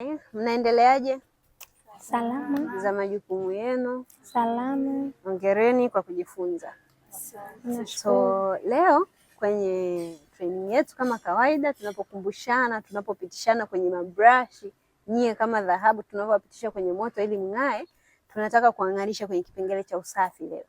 Eh, mnaendeleaje? Salama. Za majukumu yenu? Salama. Hongereni kwa kujifunza. Salama. So leo kwenye training yetu kama kawaida, tunapokumbushana, tunapopitishana kwenye mabrashi, nyie kama dhahabu tunavyopitisha kwenye moto ili mng'ae, tunataka kuang'arisha kwenye kipengele cha usafi leo.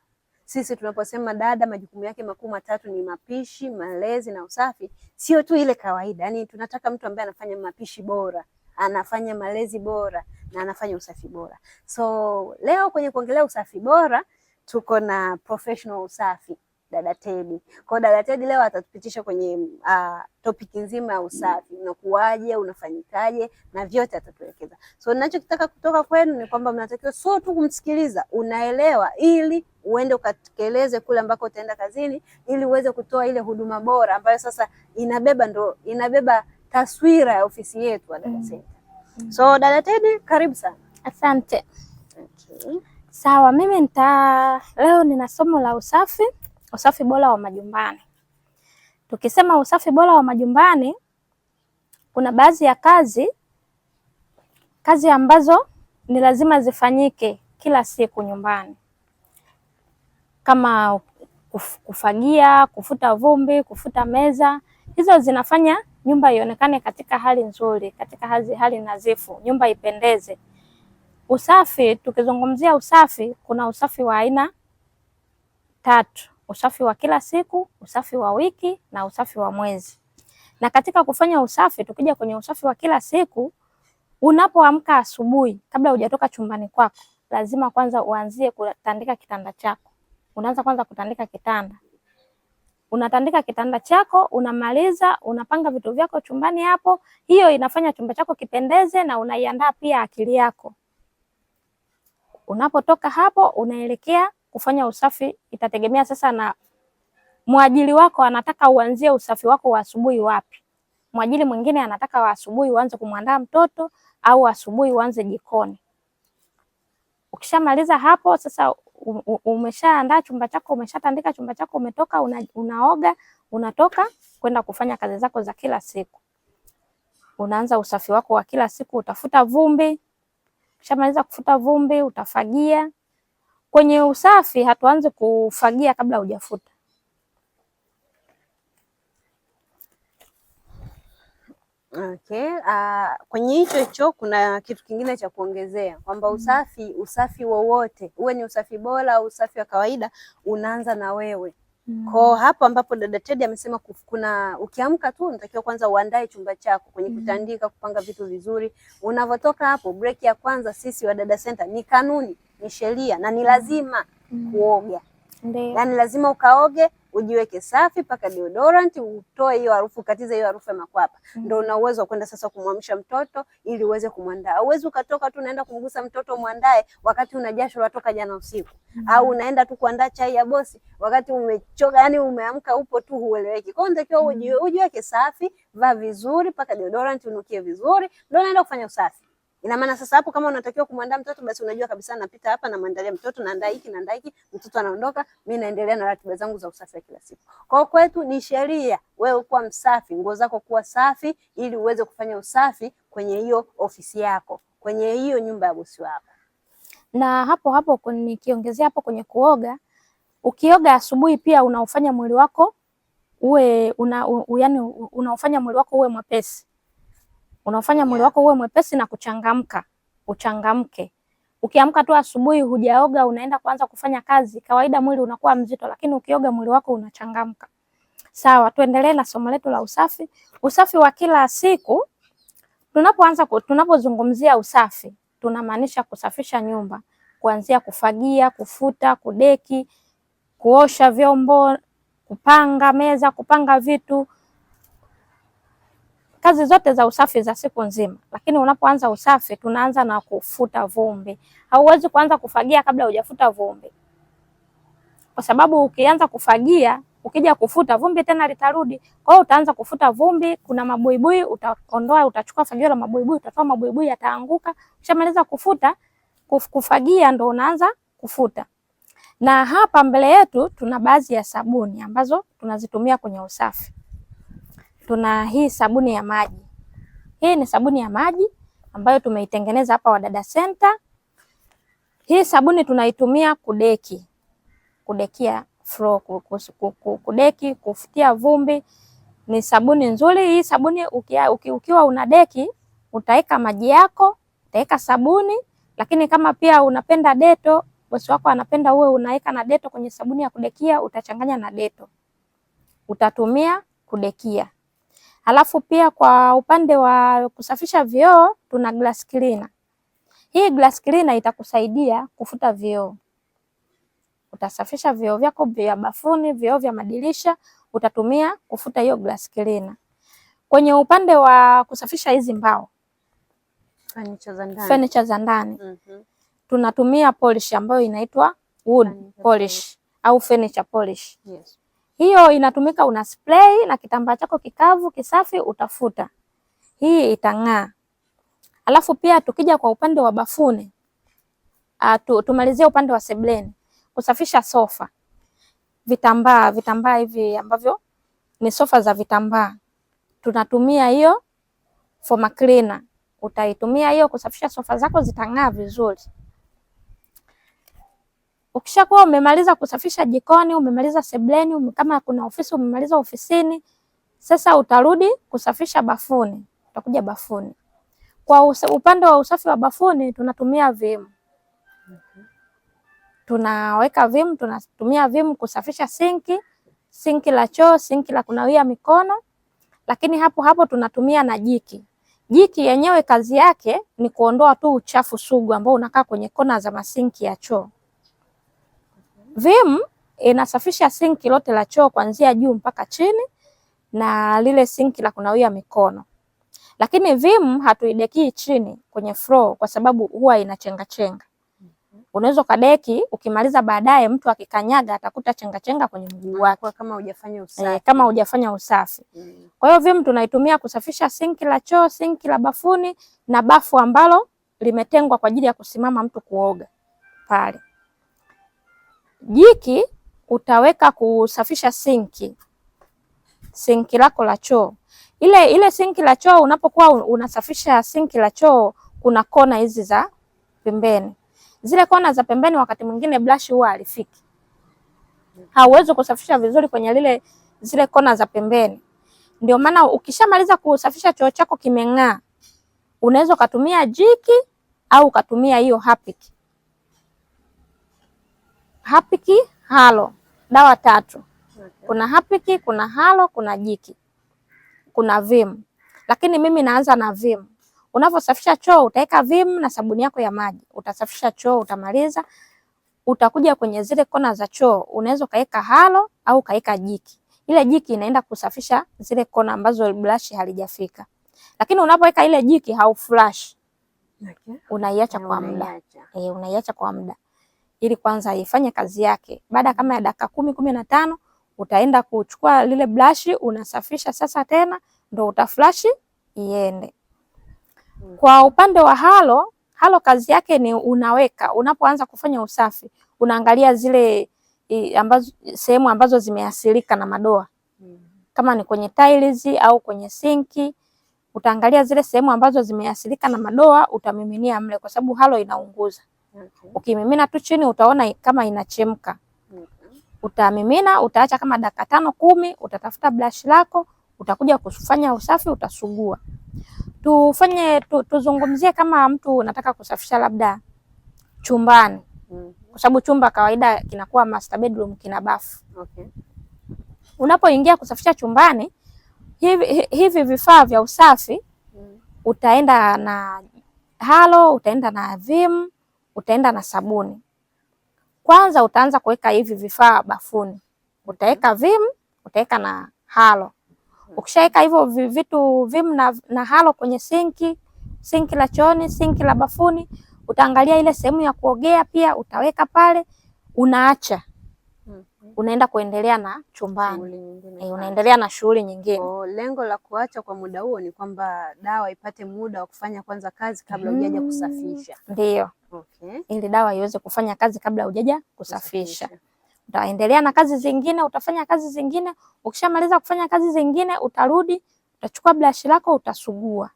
Sisi tunaposema dada majukumu yake makuu matatu ni mapishi, malezi na usafi, sio tu ile kawaida. Yaani tunataka mtu ambaye anafanya mapishi bora anafanya malezi bora na anafanya usafi bora. So leo kwenye kuongelea usafi bora tuko na professional usafi Dada Tedi. Kwa Dada Tedi leo atatupitisha kwenye uh, topic nzima ya usafi, unakuwaje, unafanyikaje na vyote atatuelekeza. So ninachokitaka kutoka kwenu ni kwamba mnatakiwa sio tu kumsikiliza, unaelewa ili uende ukatekeleze kule ambako utaenda kazini, ili uweze kutoa ile huduma bora ambayo sasa inabeba ndo inabeba taswira ya ofisi yetu ya Dada Tedi. So Dada Tedi, karibu sana. Asante. Okay. Sawa, mimi nita leo nina somo la usafi, usafi bora wa majumbani. Tukisema usafi bora wa majumbani, kuna baadhi ya kazi kazi ambazo ni lazima zifanyike kila siku nyumbani, kama kufagia, kufuta vumbi, kufuta meza, hizo zinafanya nyumba ionekane katika hali nzuri, katika hali, hali nadhifu, nyumba ipendeze. Usafi, tukizungumzia usafi, kuna usafi wa aina tatu: usafi wa kila siku, usafi wa wiki na usafi wa mwezi. Na katika kufanya usafi, tukija kwenye usafi wa kila siku, unapoamka asubuhi, kabla hujatoka chumbani kwako, lazima kwanza uanzie kutandika kitanda chako. Unaanza kwanza kutandika kitanda unatandika kitanda chako, unamaliza, unapanga vitu vyako chumbani hapo. Hiyo inafanya chumba chako kipendeze na unaiandaa pia akili yako. Unapotoka hapo, unaelekea kufanya usafi. Itategemea sasa na mwajili wako anataka uanzie usafi wako wa asubuhi wapi. Mwajili mwingine anataka wa asubuhi uanze kumwandaa mtoto au asubuhi uanze jikoni. Ukishamaliza hapo sasa, umeshaandaa chumba chako, umeshatandika chumba chako, umetoka una, unaoga, unatoka kwenda kufanya kazi zako za kila siku. Unaanza usafi wako wa kila siku, utafuta vumbi. Ukishamaliza kufuta vumbi, utafagia. Kwenye usafi hatuanzi kufagia kabla hujafuta. Okay. Uh, kwenye hicho hicho kuna kitu kingine cha kuongezea kwamba mm-hmm. usafi usafi wowote uwe ni usafi bora au usafi wa kawaida unaanza na wewe. Mm. Kwa hapo ambapo dada Teddy amesema kuna ukiamka tu unatakiwa kwanza uandae chumba chako kwenye mm-hmm. kutandika, kupanga vitu vizuri. Unavotoka hapo break ya kwanza sisi wa Dada Center ni kanuni, ni sheria na ni lazima mm. kuoga. Ndiyo. Yaani lazima ukaoge ujiweke safi, paka deodorant, utoe hiyo harufu, katiza hiyo harufu ya makwapa. Mm -hmm. Ndio una uwezo wa kwenda sasa kumwamsha mtoto ili uweze kumwandaa. Uwezi ukatoka tu unaenda kumgusa mtoto mwandae wakati una jasho latoka jana usiku. Mm -hmm. Au unaenda tu kuandaa chai ya bosi wakati umechoka, yani umeamka upo tu hueleweki. Kwa hiyo unatakiwa mm. ujiweke safi, vaa vizuri, paka deodorant, unukie vizuri, ndio unaenda kufanya usafi. Ina maana sasa hapo kama unatakiwa kumwandaa mtoto basi unajua kabisa napita hapa na mtoto na andaa hiki na andaa hiki, mtoto anaondoka, mimi naendelea na ratiba zangu za usafi wa kila siku. Kwa kwetu ni sheria, wewe kuwa msafi, nguo zako kuwa safi ili uweze kufanya usafi kwenye hiyo ofisi yako, kwenye hiyo nyumba ya bosi wako. Na hapo hapo nikiongezea hapo kwenye kuoga, ukioga asubuhi pia unaufanya mwili wako uwe una, u, yani unaufanya mwili wako uwe mwepesi unafanya mwili wako uwe mwepesi na kuchangamka, uchangamke. Ukiamka tu asubuhi hujaoga, unaenda kuanza kufanya kazi, kawaida mwili unakuwa mzito, lakini ukioga mwili wako unachangamka. Sawa, tuendelee na somo letu la usafi. Usafi wa kila siku. Tunapoanza tunapozungumzia usafi, tunamaanisha kusafisha nyumba kuanzia kufagia, kufuta, kudeki, kuosha vyombo, kupanga meza, kupanga vitu, kazi zote za usafi za siku nzima, lakini unapoanza usafi tunaanza na kufuta vumbi. Hauwezi kuanza kufagia kabla hujafuta vumbi, kwa sababu ukianza kufagia ukija kufuta vumbi tena litarudi. Kwa hiyo utaanza kufuta vumbi, kuna mabuibui utaondoa, utachukua fagio la mabuibui, utatoa mabuibui, yataanguka. Ukishamaliza kufuta kuf, kufagia ndo unaanza kufuta. Na hapa mbele yetu tuna baadhi ya sabuni ambazo tunazitumia kwenye usafi tuna hii sabuni ya maji. Hii ni sabuni ya maji ambayo tumeitengeneza hapa Wadada Center. Hii sabuni tunaitumia kudeki, kudekia floor, kudeki, kufutia vumbi. Ni sabuni nzuri hii sabuni. Ukiwa, ukiwa una deki utaweka maji yako, utaweka sabuni, lakini kama pia unapenda deto, bosi wako anapenda uwe unaweka na deto kwenye sabuni ya kudekia, utachanganya na deto, utatumia kudekia. Alafu pia kwa upande wa kusafisha vioo tuna glass cleaner. Hii glass cleaner itakusaidia kufuta vioo. Utasafisha vioo vyako vya bafuni, vioo vya madirisha, utatumia kufuta hiyo glass cleaner. Kwenye upande wa kusafisha hizi mbao, furniture za ndani mm -hmm. tunatumia polish ambayo inaitwa wood polish au furniture polish yes. Hiyo inatumika una spray na kitambaa chako kikavu kisafi, utafuta hii itang'aa. Alafu pia tukija kwa upande wa bafuni ah, tu, tumalizie upande wa sebleni kusafisha sofa, vitambaa vitambaa hivi ambavyo ni sofa za vitambaa, tunatumia hiyo foam cleaner. Utaitumia hiyo kusafisha sofa zako, zitang'aa vizuri. Ukishakuwa umemaliza kusafisha jikoni, umemaliza sebleni, ume, kama kuna ofisi umemaliza ofisini, sasa utarudi kusafisha bafuni, utakuja bafuni. Kwa usa, upande wa usafi wa bafuni tunatumia vimu, tunaweka vimu, tunatumia vimu kusafisha sinki, sinki la choo, sinki la kunawia mikono, lakini hapo hapo tunatumia na jiki. Jiki yenyewe kazi yake ni kuondoa tu uchafu sugu ambao unakaa kwenye kona za masinki ya choo. Vim inasafisha sinki lote la choo kuanzia juu mpaka chini na lile sinki la kunawia mikono, lakini Vim hatuidekii chini kwenye floor kwa sababu huwa chenga. Mhm. Unaweza ukadeki ukimaliza, baadaye mtu akikanyaga atakuta chenga kwenye mguu wake kama hujafanya eh, usafi, e, kama hujafanya usafi. Mm. Kwa hiyo Vim tunaitumia kusafisha sinki la choo, sinki la bafuni na bafu ambalo limetengwa kwa ajili ya kusimama mtu kuoga pale. Jiki utaweka kusafisha sinki, sinki lako la choo. Ile ile sinki la choo, unapokuwa unasafisha sinki la choo, kuna kona hizi za pembeni. Zile kona za pembeni, wakati mwingine brush huwa alifiki hauwezi kusafisha vizuri kwenye lile zile kona za pembeni. Ndio maana ukishamaliza kusafisha choo chako kimeng'aa, unaweza ukatumia jiki au ukatumia hiyo hapiki hapiki halo, dawa tatu okay. Kuna hapiki, kuna halo, kuna jiki, kuna vim, lakini mimi naanza na vim. Unavyosafisha choo utaweka vim na sabuni yako ya maji, utasafisha choo, utamaliza, utakuja kwenye zile kona za choo, unaweza ukaweka halo au ukaweka jiki. Ile jiki inaenda kusafisha zile kona ambazo brush halijafika, lakini unapoweka ile jiki hauflash okay. Unaiacha kwa muda eh, unaiacha kwa muda ili kwanza ifanye kazi yake. Baada kama ya dakika kumi kumi na tano utaenda kuchukua lile brush unasafisha sasa tena ndo utaflash iende. Kwa upande wa halo, halo kazi yake ni unaweka, unapoanza kufanya usafi unaangalia zile ambazo sehemu ambazo zimeathirika na madoa kama ni kwenye tiles au kwenye sinki, utaangalia zile sehemu ambazo zimeathirika na madoa utamiminia mle, kwa sababu halo inaunguza. Ukimimina tu chini utaona kama inachemka. Utamimina, utaacha kama dakika tano kumi, utatafuta brush lako, utakuja kufanya usafi, utasugua. Tufanye tu, tuzungumzie kama mtu unataka kusafisha labda chumbani mm-hmm. kwa sababu chumba kawaida kinakuwa master bedroom, kina bafu. Okay. Unapoingia kusafisha chumbani hivi, hivi vifaa vya usafi mm. Utaenda na halo, utaenda na Vim, utaenda na sabuni. Kwanza utaanza kuweka hivi vifaa bafuni, utaweka vim, utaweka na halo. Ukishaweka hivyo vitu vim na, na halo kwenye sinki, sinki la chooni, sinki la bafuni, utaangalia ile sehemu ya kuogea pia utaweka pale, unaacha unaenda kuendelea na chumbani, e, unaendelea na shughuli nyingine. O, oh, lengo la kuacha kwa muda huo ni kwamba dawa ipate muda wa kufanya kwanza kazi kabla hujaja mm. kusafisha. Ndio. Okay. Ili dawa iweze kufanya kazi kabla hujaja kusafisha, kusafisha. Utaendelea na kazi zingine, utafanya kazi zingine. Ukishamaliza kufanya kazi zingine, utarudi utachukua brashi lako utasugua.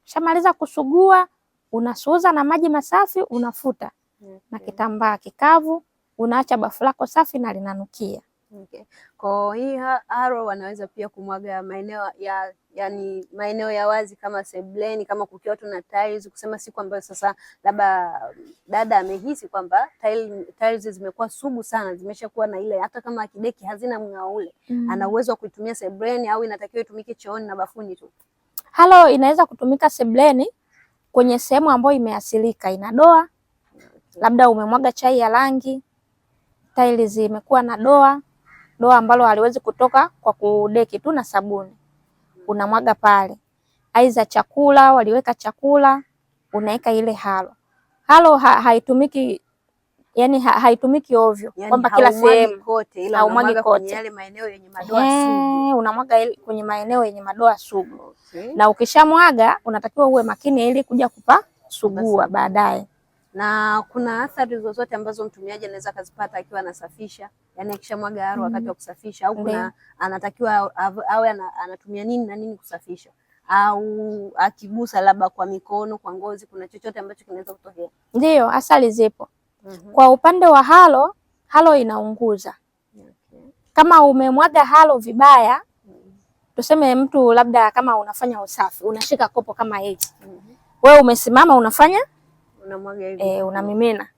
Ukishamaliza kusugua, unasuuza na maji masafi unafuta, okay. na kitambaa kikavu unaacha bafu lako safi na linanukia. Okay. Kwa hii haro wanaweza pia kumwaga maeneo ya yani maeneo ya wazi kama sebleni, kama kukiwa tu na tiles, kusema siku ambayo sasa labda dada amehisi kwamba tiles zimekuwa sugu sana, zimeshakuwa na ile hata kama kideki hazina mng'ao ule mm. ana uwezo wa kuitumia sebleni au inatakiwa itumike chooni na bafuni tu? Halo, inaweza kutumika sebleni kwenye sehemu ambayo imeasilika, ina doa, labda umemwaga chai ya rangi tiles zimekuwa na doa doa ambalo haliwezi kutoka kwa kudeki tu na sabuni, unamwaga pale. Aidha chakula waliweka chakula, unaweka ile halo halo ha, haitumiki yani ha, haitumiki ovyo yani, kwamba kila sehemu kote, ila unamwaga kwenye yale maeneo yenye madoa sugu, unamwaga kwenye maeneo yenye madoa sugu okay. Na ukishamwaga unatakiwa uwe makini ili kuja kupa sugua baadaye na kuna athari zozote ambazo mtumiaji anaweza akazipata akiwa anasafisha, yani akishamwaga aro wakati wa mm-hmm. kusafisha, au kuna anatakiwa awe anatumia nini na nini kusafisha, au akigusa labda kwa mikono, kwa ngozi, kuna chochote ambacho kinaweza kutokea? Ndiyo, athari zipo. mm -hmm. Kwa upande wa halo, halo inaunguza. okay. Kama umemwaga halo vibaya, mm -hmm. tuseme mtu labda kama unafanya usafi, unashika kopo kama hili, mm -hmm. wewe umesimama unafanya unamwaga hivi eh, unamimina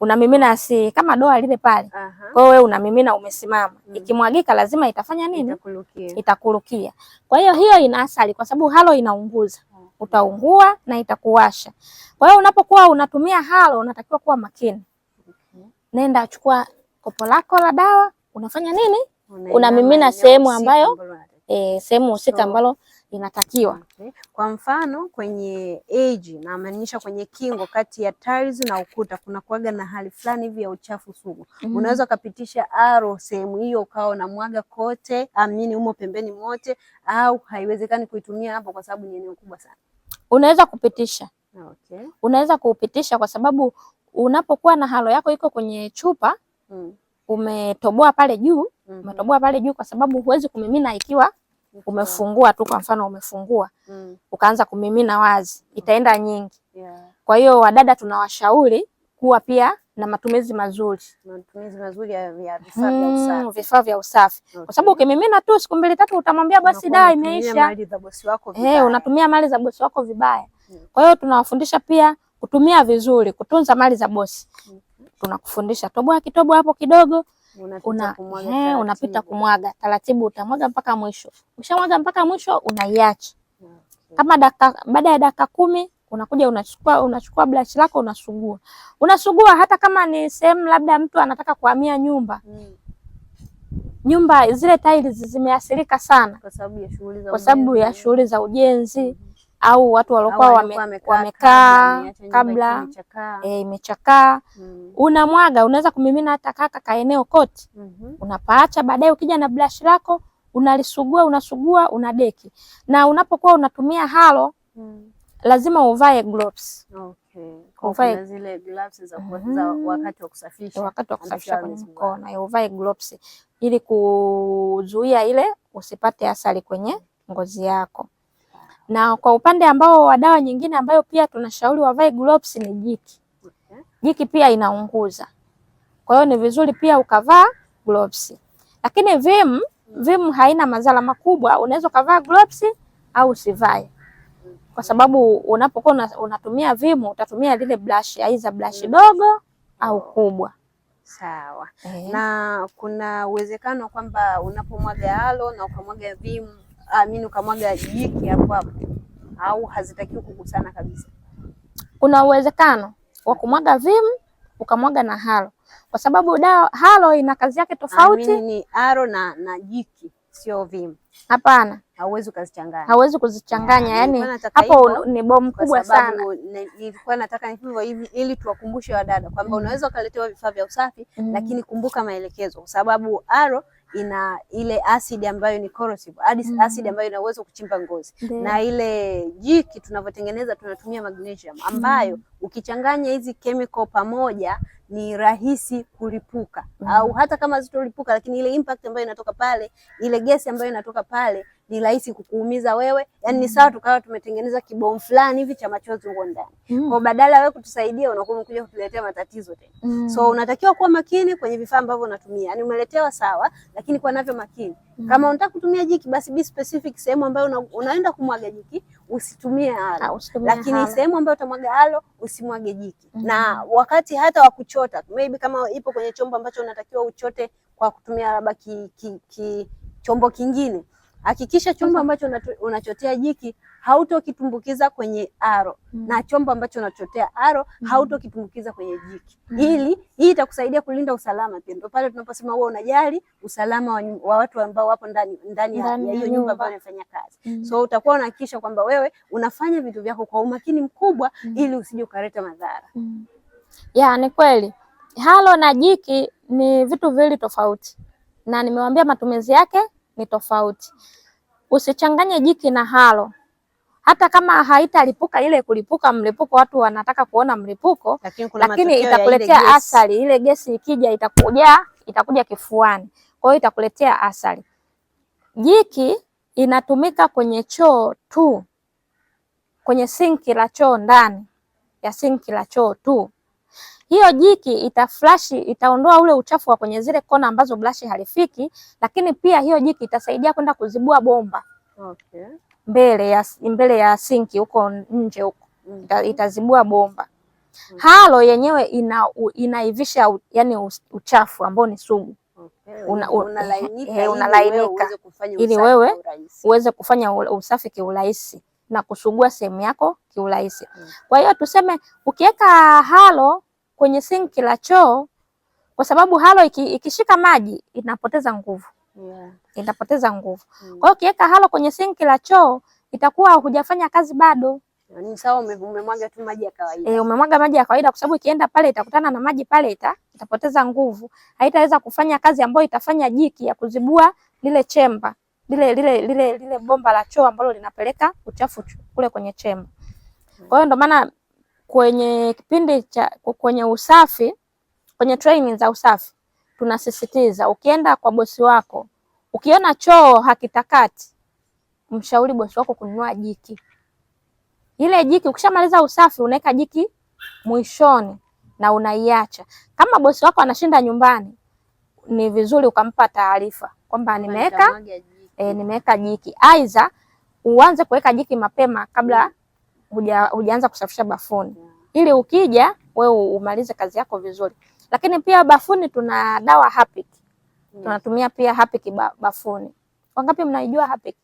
unamimina, si kama doa lile pale. Kwa hiyo wewe unamimina, umesimama mm. Ikimwagika lazima itafanya nini? Itakurukia, itakurukia. Kwa hiyo hiyo ina athari, kwa sababu halo inaunguza mm. Utaungua na itakuwasha. Kwa hiyo unapokuwa unatumia halo, unatakiwa kuwa makini okay. Nenda chukua kopo lako la dawa, unafanya nini? Unamimina sehemu ambayo eh, sehemu husika ambalo so, inatakiwa. Okay. Kwa mfano kwenye age na maanisha kwenye kingo kati ya tiles na ukuta kuna kuaga na hali fulani hivi ya uchafu sugu. mm -hmm. Unaweza ukapitisha aro sehemu hiyo ukawa na mwaga kote, amini umo pembeni mote, au haiwezekani kuitumia hapo kwa sababu ni eneo kubwa sana. Unaweza kupitisha. Okay. Unaweza kupitisha kwa sababu unapokuwa na halo yako iko kwenye chupa mm. Umetoboa pale juu mm -hmm. Umetoboa pale juu kwa sababu huwezi kumimina ikiwa umefungua tu, kwa mfano umefungua mm. ukaanza kumimina wazi, mm. itaenda nyingi yeah. Kwa hiyo wadada tunawashauri kuwa pia na matumizi mazuri, matumizi mazuri ya vifaa vya mm, usafi, vifaa vya usafi okay. Kwa sababu ukimimina tu siku mbili tatu utamwambia basi da imeisha, Hey, eh, unatumia mali za bosi wako vibaya mm. Kwa hiyo tunawafundisha pia kutumia vizuri, kutunza mali za bosi mm. Tunakufundisha toboa kitobo hapo kidogo unapita kumwaga, unapita kumwaga taratibu, utamwaga mpaka mwisho. Ukishamwaga mpaka mwisho unaiacha ah, Kama dakika baada ya dakika kumi unakuja unachukua unachukua blashi lako unasugua, unasugua hata kama ni sehemu labda mtu anataka kuhamia nyumba hmm. Nyumba zile tiles zimeathirika sana kwa sababu ya shughuli za ujenzi, hmm au watu waliokuwa wamekaa kabla yaani imechakaa e, hmm. Unamwaga, unaweza kumimina hata kaka kaeneo koti hmm. Unapaacha baadaye, ukija na brush lako unalisugua, unasugua, unadeki na unapokuwa unatumia halo hmm. Lazima uvae gloves. Okay. Uvae zile gloves za mhm. wakati wa kusafisha. Wakati wa kusafisha kwenye mkono, eh, uvae gloves ili kuzuia ile usipate asali kwenye ngozi yako. Na kwa upande ambao wa dawa nyingine ambayo pia tunashauri wavae gloves ni jiki. Jiki pia inaunguza. Kwa hiyo ni vizuri pia ukavaa gloves. Lakini vim, vim haina madhara makubwa, unaweza ukavaa gloves au usivae. Kwa sababu unapokuwa unatumia vimu utatumia lile brush, aidha brush mm. dogo au kubwa. Sawa. Eh. Na kuna uwezekano kwamba unapomwaga halo na ukamwaga vimu amini ah, ukamwaga jiki hapo hapo, au hazitakiwi kugusana kabisa? Kuna uwezekano wa kumwaga vim ukamwaga na halo, kwa sababu dawa halo ina kazi yake ah, tofauti. Ni aro na, na jiki sio vim. Hapana, hauwezi kuzichanganya, hauwezi kuzichanganya. Ah, yani hapo ni bomu kubwa sana. Nilikuwa nataka hivyo hivi ili tuwakumbushe wadada kwamba mm, unaweza ukaletewa vifaa vya usafi mm, lakini kumbuka maelekezo, kwa sababu aro ina ile asidi ambayo ni corrosive, mm. asidi ambayo ina uwezo kuchimba ngozi Deo. na ile jiki tunavyotengeneza tunatumia magnesium ambayo mm. ukichanganya hizi chemical pamoja ni rahisi kulipuka mm. au hata kama zitolipuka, lakini ile impact ambayo inatoka pale, ile gesi ambayo inatoka pale ni rahisi kukuumiza wewe, yani ni mm. sawa tukawa tumetengeneza kibomu fulani hivi cha machozi huko ndani mm. Kwa badala wewe kutusaidia unakuwa umekuja kutuletea matatizo tena mm. So unatakiwa kuwa makini kwenye vifaa ambavyo unatumia, yani umeletewa sawa, lakini kwa navyo makini mm. Kama unataka kutumia jiki, basi be specific sehemu ambayo una, unaenda kumwaga jiki usitumie halo, ha, ah, lakini sehemu ambayo utamwaga halo usimwage jiki mm Na wakati hata wa kuchota, maybe kama ipo kwenye chombo ambacho unatakiwa uchote kwa kutumia labda ki, ki, ki chombo kingine Hakikisha chombo ambacho unachotea jiki hautokitumbukiza kwenye aro mm. na chombo ambacho unachotea aro mm. hautokitumbukiza kwenye jiki mm. ili hii itakusaidia kulinda usalama pia. Ndio pale tunaposema wewe unajali usalama wa, wa watu ambao wapo ndani ndani ya hiyo nyumba ambayo unafanya kazi mm. so utakuwa unahakikisha kwamba wewe unafanya vitu vyako kwa umakini mkubwa mm. ili usije ukaleta madhara mm. ya ni kweli halo na jiki ni vitu viwili tofauti, na nimewambia matumizi yake ni tofauti. Usichanganye jiki na halo, hata kama haitalipuka ile kulipuka mlipuko, watu wanataka kuona mlipuko, lakini, lakini itakuletea athari. Ile gesi ikija itakuja itakuja kifuani, kwa hiyo itakuletea athari. Jiki inatumika kwenye choo tu, kwenye sinki la choo, ndani ya sinki la choo tu. Hiyo jiki itaflash itaondoa ule uchafu wa kwenye zile kona ambazo brashi halifiki, lakini pia hiyo jiki itasaidia kwenda kuzibua bomba okay. mbele ya mbele ya sinki huko nje huko mm. ita, itazibua bomba mm. Halo yenyewe ina inaivisha yani uchafu ambao ni sumu okay. una, una unalainika eh, ili wewe uweze kufanya usafi kiurahisi na kusugua sehemu yako kiurahisi. Mm. Kwa hiyo tuseme ukiweka halo kwenye sinki la choo, kwa sababu halo iki, ikishika maji inapoteza nguvu yeah. Inapoteza nguvu mm. Kwa hiyo ukiweka halo kwenye sinki la choo itakuwa hujafanya kazi bado. Ni yaani sawa, umemwaga tu maji ya kawaida. Eh, umemwaga maji ya kawaida kwa sababu ikienda pale itakutana na maji pale ita, itapoteza nguvu, haitaweza kufanya kazi ambayo itafanya jiki ya kuzibua lile chemba lile lile lile lile bomba la choo ambalo linapeleka uchafu kule kwenye chemba. Kwa hiyo ndio maana kwenye kipindi cha kwenye usafi, kwenye training za usafi tunasisitiza, ukienda kwa bosi wako ukiona choo hakitakati, mshauri bosi wako kununua jiki. Ile jiki ukishamaliza usafi unaweka jiki mwishoni na unaiacha. Kama bosi wako anashinda nyumbani, ni vizuri ukampa taarifa kwamba nimeweka e, nimeweka jiki. Aidha uanze kuweka jiki mapema kabla hujaanza kusafisha bafuni ili ukija wewe umalize kazi yako vizuri. Lakini pia bafuni tuna dawa Harpic. Tunatumia pia Harpic bafuni. Wangapi mnaijua Harpic?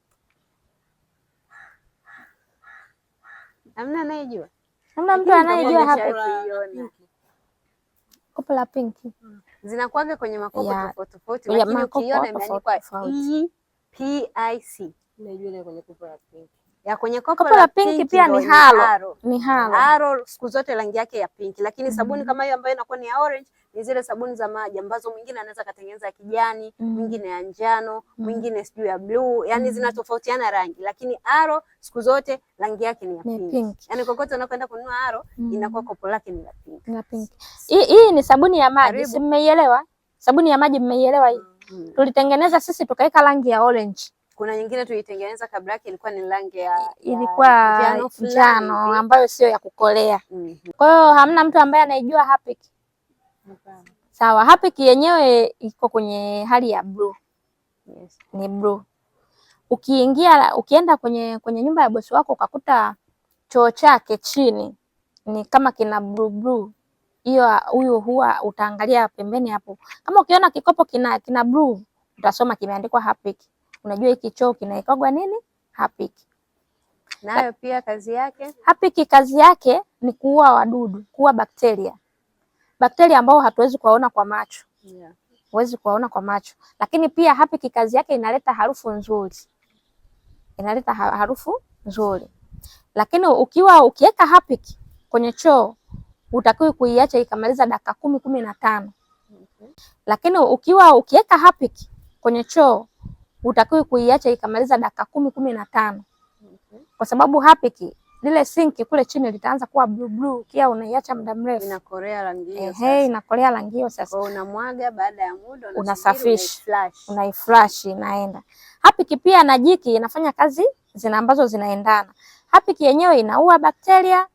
Hamna anayejua. Hamna mtu anayejua Harpic. Kopo la pinki. Zinakuaga kwenye makopo tofauti tofauti lakini ukiona imeandikwa e. PIC ya kwenye kopo la pinki pia ni halo, ni halo. Halo siku zote rangi yake ya pinki, lakini mm -hmm. sabuni kama hiyo ambayo inakuwa ni ya orange ni zile sabuni za maji ambazo mwingine anaweza katengeneza ya kijani, mhm. mwingine ya njano, mhm. mwingine sijui ya bluu, yani mhm. zinatofautiana rangi, lakini halo siku zote rangi yake ni ya pinki. Yani kokote unakwenda kununua halo inakuwa kopo lake ni la pinki. Hii ni sabuni ya maji, si mmeielewa? Sabuni ya maji mmeielewa hii? Mm mm. Tulitengeneza sisi tukaweka rangi ya orange. Kuna nyingine tulitengeneza kabla yake ilikuwa ni rangi ya, ilikuwa njano ambayo sio ya kukolea mm -hmm. Kwa hiyo hamna mtu ambaye anaijua Hapik. Sawa, Hapik yenyewe iko kwenye hali ya blue. Yes. Ni blue. Ukiingia ukienda kwenye kwenye nyumba ya bosi wako ukakuta choo chake chini ni kama kina blue blue hiyo huyo huwa utaangalia pembeni hapo. Kama ukiona kikopo kina kina blue utasoma kimeandikwa Harpic. Unajua hiki choo kinaikagwa nini? Harpic. Nayo pia kazi yake Harpic, kazi yake ni kuua wadudu, kuua bakteria, bakteria ambao hatuwezi kuwaona kwa macho yeah. Huwezi kuwaona kwa macho, lakini pia Harpic kazi yake inaleta harufu nzuri, inaleta harufu nzuri, lakini ukiwa ukiweka Harpic kwenye choo utakiwi kuiacha ikamaliza dakika kumi kumi na tano Lakini ukiwa ukiweka Harpic kwenye choo utakiwi kuiacha ikamaliza dakika kumi kumi na tano Kwa sababu Harpic lile sinki kule chini litaanza kuwa blue blue, kia unaiacha muda mrefu inakorea rangi hiyo. Ehe, inakorea rangi hiyo. Sasa unamwaga, baada ya muda unasafisha, unaiflash inaenda. Harpic pia na jiki inafanya kazi zina ambazo zinaendana. Harpic yenyewe inaua bakteria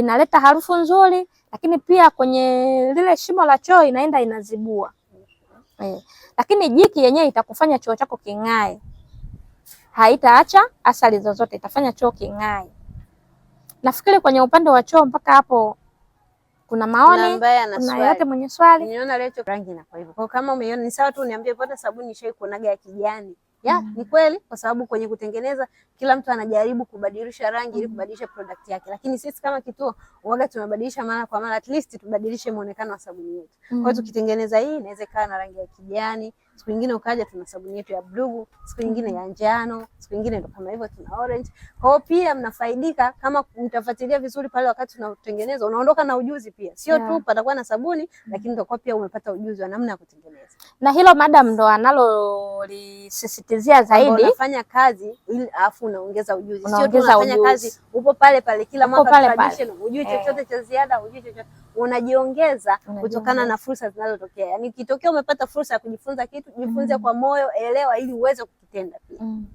inaleta harufu nzuri, lakini pia kwenye lile shimo la choo inaenda inazibua eh. Lakini jiki yenyewe itakufanya choo chako king'ae, haitaacha athari zozote, itafanya choo king'ae. Nafikiri kwenye upande wa choo mpaka hapo kuna maoni na yote mwenye swali. Niona leo rangi inakuwa hivyo. Kwa kama umeiona ni sawa tu, niambie, mbona sabuni ishaikuonaga ya kijani? ya mm-hmm. ni kweli, kwa sababu kwenye kutengeneza kila mtu anajaribu kubadilisha rangi ili mm-hmm. kubadilisha product yake, lakini sisi kama kituo uoga tunabadilisha mara kwa mara, at least tubadilishe muonekano wa sabuni yetu. Kwa hiyo mm-hmm. tukitengeneza hii inaweza ikawa na rangi ya kijani siku nyingine ukaja tuna sabuni yetu ya blue, siku nyingine ya njano, siku nyingine ndo kama hivyo tuna orange. Kwa hiyo pia mnafaidika kama mtafuatilia vizuri pale, wakati tunatengeneza unaondoka na ujuzi pia, sio yeah. tu patakuwa na sabuni, lakini utakuwa pia umepata ujuzi wa namna ya kutengeneza. Na hilo madam ndo analolisisitizia zaidi, unafanya kazi ili afu unaongeza ujuzi, sio tu unafanya kazi upo pale pale kila mwaka tradition, hujui eh. chochote cha ziada, ujui chochote, unajiongeza kutokana na fursa zinazotokea. Yani kitokea umepata fursa ya kujifunza kitu kitu, jifunze mm. kwa moyo, elewa ili uweze kukitenda pia mm.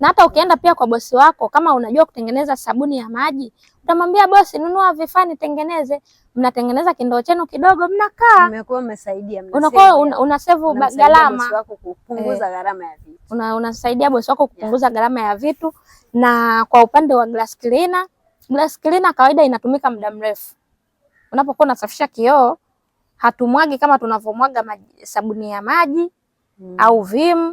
Na hata ukienda pia kwa bosi wako, kama unajua kutengeneza sabuni ya maji, utamwambia bosi, nunua vifaa nitengeneze. Mnatengeneza kindoo chenu kidogo, mnakaa, umekuwa umesaidia, unakuwa unasevu gharama, eh. unasaidia bosi wako kupunguza gharama ya vitu. Na kwa upande wa glass cleaner, glass cleaner kawaida inatumika muda mrefu. Unapokuwa unasafisha kioo, hatumwagi kama tunavyomwaga sabuni ya maji mm. au vim yeah.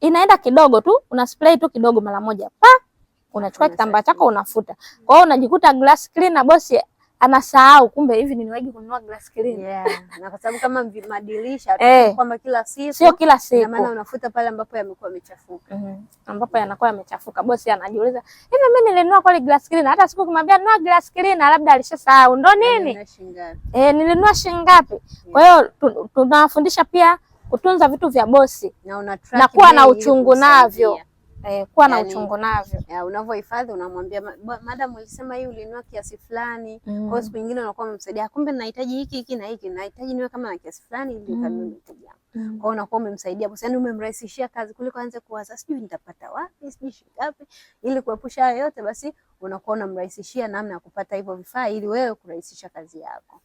Inaenda kidogo tu, una spray tu kidogo mara moja pa, unachukua kitambaa chako unafuta. Kwa hiyo unajikuta glass clean na bosi anasahau kumbe hivi niliwahi kununua glass clean. Yeah. Na kwa sababu kama madirisha tu eh. kwamba kila siku sio kila siku. na maana unafuta pale ambapo yamekuwa yamechafuka. Mhm. Mm, ambapo yanakuwa yamechafuka. Bosi anajiuliza, "Hivi mimi nilinunua kwa glass clean hata siku kumwambia nunua glass clean labda alishasahau." Ndo nini? Eh, nilinunua shilingi ngapi? Kwa hiyo tunawafundisha pia kutunza vitu vya bosi na, una na kuwa na uchungu navyo eh, kuwa yani, na uchungu navyo ya, unavyohifadhi unamwambia madam, ulisema hii ulinua kiasi fulani mm. Kwa siku nyingine unakuwa umemsaidia, kumbe nahitaji hiki hiki na hiki, nahitaji niwe kama na kiasi fulani ili nikamie mteja wangu mm. Kwa unakuwa umemsaidia bosi, yani umemrahisishia kazi kuliko aanze kuwaza sijui nitapata wapi sijui shingapi. Ili kuepusha hayo yote, basi unakuwa unamrahisishia namna ya kupata hivyo vifaa ili wewe kurahisisha kazi yako.